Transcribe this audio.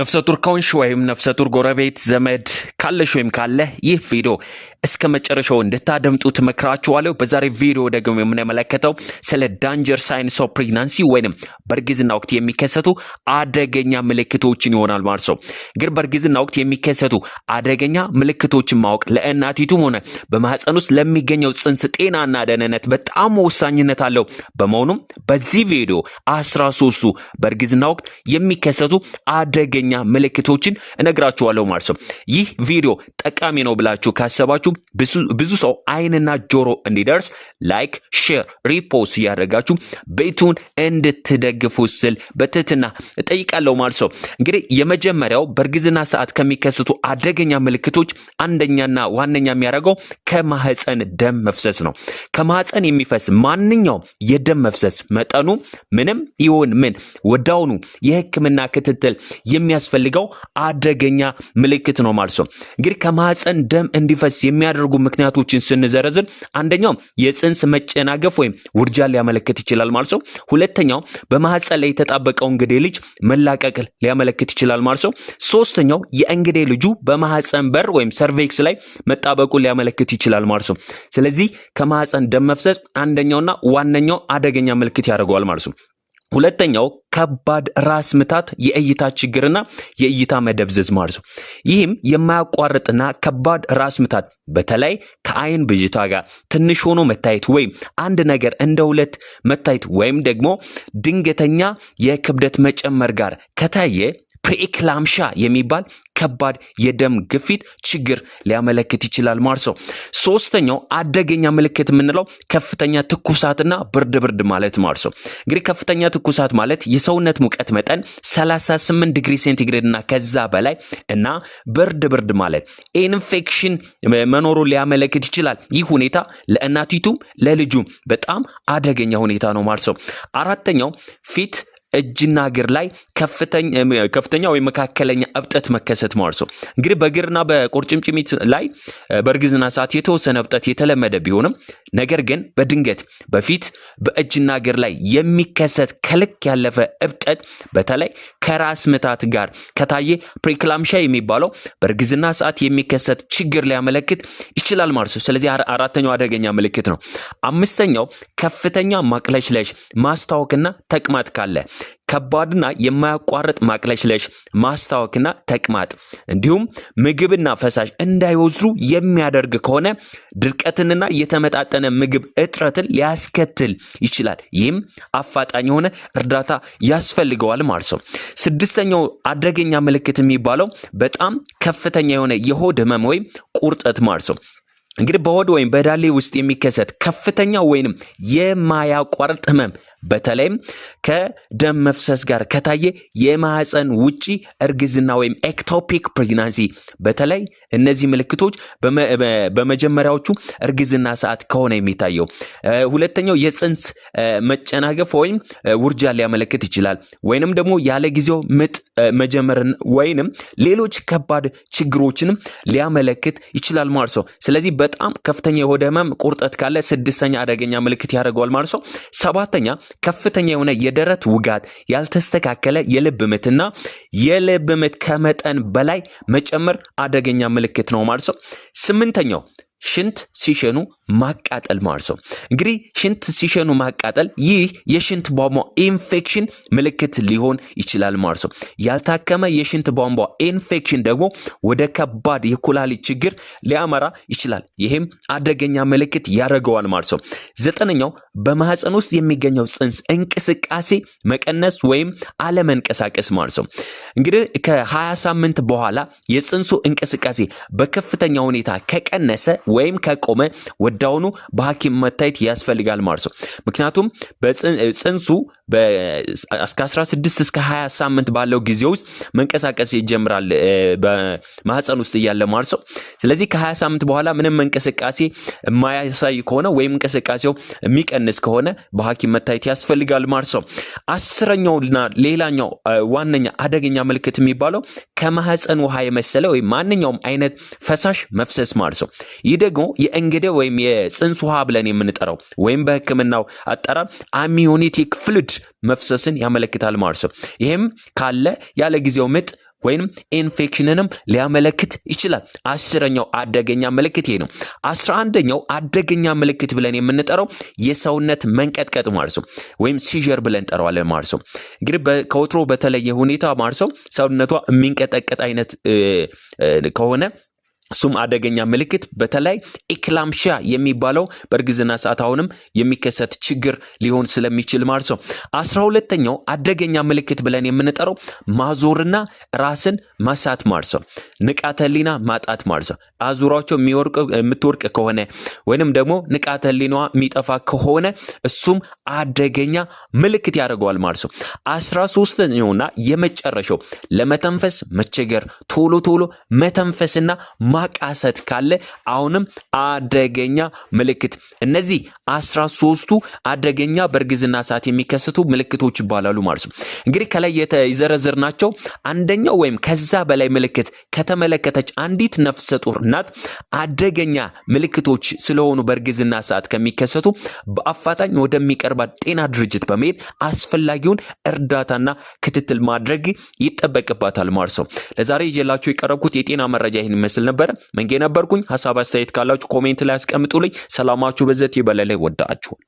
ነፍሰ ጡር ከሆንሽ ወይም ነፍሰ ጡር ጎረቤት ዘመድ ካለሽ ወይም ካለ ይህ ቪዲዮ እስከ መጨረሻው እንድታደምጡ ትመክራችኋለሁ። በዛሬ ቪዲዮ ደግሞ የምንመለከተው ስለ ዳንጀር ሳይንስ ኦፍ ፕሬግናንሲ ወይንም በእርግዝና ወቅት የሚከሰቱ አደገኛ ምልክቶችን ይሆናል ማለት ነው። ግን በእርግዝና ወቅት የሚከሰቱ አደገኛ ምልክቶችን ማወቅ ለእናቲቱም ሆነ በማህፀን ውስጥ ለሚገኘው ጽንስ ጤናና ደህንነት በጣም ወሳኝነት አለው። በመሆኑም በዚህ ቪዲዮ አስራ ሶስቱ በእርግዝና ወቅት የሚከሰቱ አደ መገኛ ምልክቶችን እነግራችኋለሁ ማለት ነው። ይህ ቪዲዮ ጠቃሚ ነው ብላችሁ ካሰባችሁ ብዙ ሰው አይንና ጆሮ እንዲደርስ ላይክ፣ ሼር፣ ሪፖስት እያደረጋችሁ ቤቱን እንድትደግፉ ስል በትህትና እጠይቃለሁ ማለት ነው። እንግዲህ የመጀመሪያው በእርግዝና ሰዓት ከሚከሰቱ አደገኛ ምልክቶች አንደኛና ዋነኛ የሚያደርገው ከማህፀን ደም መፍሰስ ነው። ከማህፀን የሚፈስ ማንኛውም የደም መፍሰስ መጠኑ ምንም ይሁን ምን ወዳውኑ የህክምና ክትትል የሚያስፈልገው አደገኛ ምልክት ነው ማለት ነው። እንግዲህ ከማህፀን ደም እንዲፈስ የሚያደርጉ ምክንያቶችን ስንዘረዝር አንደኛው የፅንስ መጨናገፍ ወይም ውርጃ ሊያመለክት ይችላል ማለት ነው። ሁለተኛው በማህፀን ላይ የተጣበቀው እንግዴ ልጅ መላቀቅ ሊያመለክት ይችላል ማለት ነው። ሶስተኛው የእንግዴ ልጁ በማህፀን በር ወይም ሰርቬክስ ላይ መጣበቁ ሊያመለክት ይችላል ማለት ነው። ስለዚህ ከማህፀን ደም መፍሰስ አንደኛውና ዋነኛው አደገኛ ምልክት ያደርገዋል ማለት ነው። ሁለተኛው ከባድ ራስ ምታት፣ የእይታ ችግርና የእይታ መደብዘዝ ማለት ነው። ይህም የማያቋርጥና ከባድ ራስ ምታት በተለይ ከአይን ብዥታ ጋር ትንሽ ሆኖ መታየት ወይም አንድ ነገር እንደ ሁለት መታየት ወይም ደግሞ ድንገተኛ የክብደት መጨመር ጋር ከታየ ፕሬክላምሻ የሚባል ከባድ የደም ግፊት ችግር ሊያመለክት ይችላል ማለት ነው። ሶስተኛው አደገኛ ምልክት የምንለው ከፍተኛ ትኩሳትና ብርድ ብርድ ማለት ማለት ነው። እንግዲህ ከፍተኛ ትኩሳት ማለት የሰውነት ሙቀት መጠን 38 ዲግሪ ሴንቲግሬድ እና ከዛ በላይ እና ብርድ ብርድ ማለት ኢንፌክሽን መኖሩ ሊያመለክት ይችላል። ይህ ሁኔታ ለእናቲቱም ለልጁም በጣም አደገኛ ሁኔታ ነው ማለት ነው። አራተኛው ፊት እጅና እግር ላይ ከፍተኛ ወይም መካከለኛ እብጠት መከሰት ማርሶ እንግዲህ በግርና በቁርጭምጭሚት ላይ በእርግዝና ሰዓት የተወሰነ እብጠት የተለመደ ቢሆንም ነገር ግን በድንገት በፊት በእጅና እግር ላይ የሚከሰት ከልክ ያለፈ እብጠት በተለይ ከራስ ምታት ጋር ከታየ ፕሪክላምሻ የሚባለው በእርግዝና ሰዓት የሚከሰት ችግር ሊያመለክት ይችላል ማርሶ። ስለዚህ አራተኛው አደገኛ ምልክት ነው። አምስተኛው ከፍተኛ ማቅለሽለሽ፣ ማስታወክና ተቅማጥ ካለ ከባድና የማያቋርጥ ማቅለሽለሽ፣ ማስታወክና ተቅማጥ እንዲሁም ምግብና ፈሳሽ እንዳይወዝሩ የሚያደርግ ከሆነ ድርቀትንና የተመጣጠነ ምግብ እጥረትን ሊያስከትል ይችላል። ይህም አፋጣኝ የሆነ እርዳታ ያስፈልገዋል ማለት ነው። ስድስተኛው አደገኛ ምልክት የሚባለው በጣም ከፍተኛ የሆነ የሆድ ህመም ወይም ቁርጠት ማለት ነው። እንግዲህ በሆድ ወይም በዳሌ ውስጥ የሚከሰት ከፍተኛ ወይንም የማያቋርጥ ህመም በተለይም ከደም መፍሰስ ጋር ከታየ የማህፀን ውጪ እርግዝና ወይም ኤክቶፒክ ፕሬግናንሲ በተለይ እነዚህ ምልክቶች በመጀመሪያዎቹ እርግዝና ሰዓት ከሆነ የሚታየው። ሁለተኛው የፅንስ መጨናገፍ ወይም ውርጃ ሊያመለክት ይችላል። ወይንም ደግሞ ያለ ጊዜው ምጥ መጀመርን ወይንም ሌሎች ከባድ ችግሮችንም ሊያመለክት ይችላል ማለት ነው። ስለዚህ በጣም ከፍተኛ የሆደ ህመም፣ ቁርጠት ካለ ስድስተኛ አደገኛ ምልክት ያደርገዋል ማለት ነው። ሰባተኛ ከፍተኛ የሆነ የደረት ውጋት፣ ያልተስተካከለ የልብ ምትና የልብ ምት ከመጠን በላይ መጨመር አደገኛ ምልክት ነው ማለት ነው። ስምንተኛው ሽንት ሲሸኑ ማቃጠል ማለት ነው። እንግዲህ ሽንት ሲሸኑ ማቃጠል፣ ይህ የሽንት ቧንቧ ኢንፌክሽን ምልክት ሊሆን ይችላል ማለት ነው። ያልታከመ የሽንት ቧንቧ ኢንፌክሽን ደግሞ ወደ ከባድ የኩላሊት ችግር ሊያመራ ይችላል። ይህም አደገኛ ምልክት ያደርገዋል ማለት ነው። ዘጠነኛው በማህፀን ውስጥ የሚገኘው ፅንስ እንቅስቃሴ መቀነስ ወይም አለመንቀሳቀስ ማለት ነው። እንግዲህ ከ ሳምንት በኋላ የፅንሱ እንቅስቃሴ በከፍተኛ ሁኔታ ከቀነሰ ወይም ከቆመ ወዳውኑ በሐኪም መታየት ያስፈልጋል ማለት ነው። ምክንያቱም ጽንሱ እስከ 16 እስከ 20 ሳምንት ባለው ጊዜ ውስጥ መንቀሳቀስ ይጀምራል በማህፀን ውስጥ እያለ ማለት ነው። ስለዚህ ከ20 ሳምንት በኋላ ምንም እንቅስቃሴ የማያሳይ ከሆነ ወይም እንቅስቃሴው የሚቀንስ ከሆነ በሐኪም መታየት ያስፈልጋል ማለት ነው። አስረኛውና ሌላኛው ዋነኛ አደገኛ ምልክት የሚባለው ከማህፀን ውሃ የመሰለ ወይም ማንኛውም አይነት ፈሳሽ መፍሰስ ማለት ነው። ደግሞ የእንግደ ወይም የፅንስ ውሃ ብለን የምንጠራው ወይም በሕክምናው አጠራር አሚዮኒቲክ ፍሉድ መፍሰስን ያመለክታል ማለት ነው። ይህም ካለ ያለ ጊዜው ምጥ ወይም ኢንፌክሽንንም ሊያመለክት ይችላል። አስረኛው አደገኛ ምልክት ይሄ ነው። አስራ አንደኛው አደገኛ ምልክት ብለን የምንጠራው የሰውነት መንቀጥቀጥ ማርሶ ወይም ሲዥር ብለን ጠራዋለን ማርሶ እንግዲህ ከወትሮ በተለየ ሁኔታ ማርሶ ሰውነቷ የሚንቀጠቀጥ አይነት ከሆነ እሱም አደገኛ ምልክት በተለይ ኤክላምሻ የሚባለው በእርግዝና ሰዓት አሁንም የሚከሰት ችግር ሊሆን ስለሚችል ማለት ነው። አስራ ሁለተኛው አደገኛ ምልክት ብለን የምንጠራው ማዞርና ራስን መሳት ማለት ነው። ንቃተ ህሊና ማጣት ማለት ነው። አዙራቸው የምትወርቅ ከሆነ ወይንም ደግሞ ንቃተ ህሊናዋ የሚጠፋ ከሆነ እሱም አደገኛ ምልክት ያደርገዋል ማለት ነው። አስራ ሶስተኛውና የመጨረሻው ለመተንፈስ መቸገር፣ ቶሎ ቶሎ መተንፈስና ማ ማቃሰት ካለ አሁንም አደገኛ ምልክት። እነዚህ አስራ ሶስቱ አደገኛ በእርግዝና ሰዓት የሚከሰቱ ምልክቶች ይባላሉ ማለት ነው። እንግዲህ ከላይ የዘረዘር ናቸው። አንደኛው ወይም ከዛ በላይ ምልክት ከተመለከተች አንዲት ነፍሰ ጡር እናት አደገኛ ምልክቶች ስለሆኑ በእርግዝና ሰዓት ከሚከሰቱ በአፋጣኝ ወደሚቀርባት ጤና ድርጅት በመሄድ አስፈላጊውን እርዳታና ክትትል ማድረግ ይጠበቅባታል ማለት ነው። ለዛሬ ይዤላችሁ የቀረብኩት የጤና መረጃ ይህን ይመስል ነበር። መንጌ ነበርኩኝ። ሀሳብ አስተያየት ካላችሁ ኮሜንት ላይ አስቀምጡልኝ። ሰላማችሁ በዘት ይበለለ። ወዳችኋል።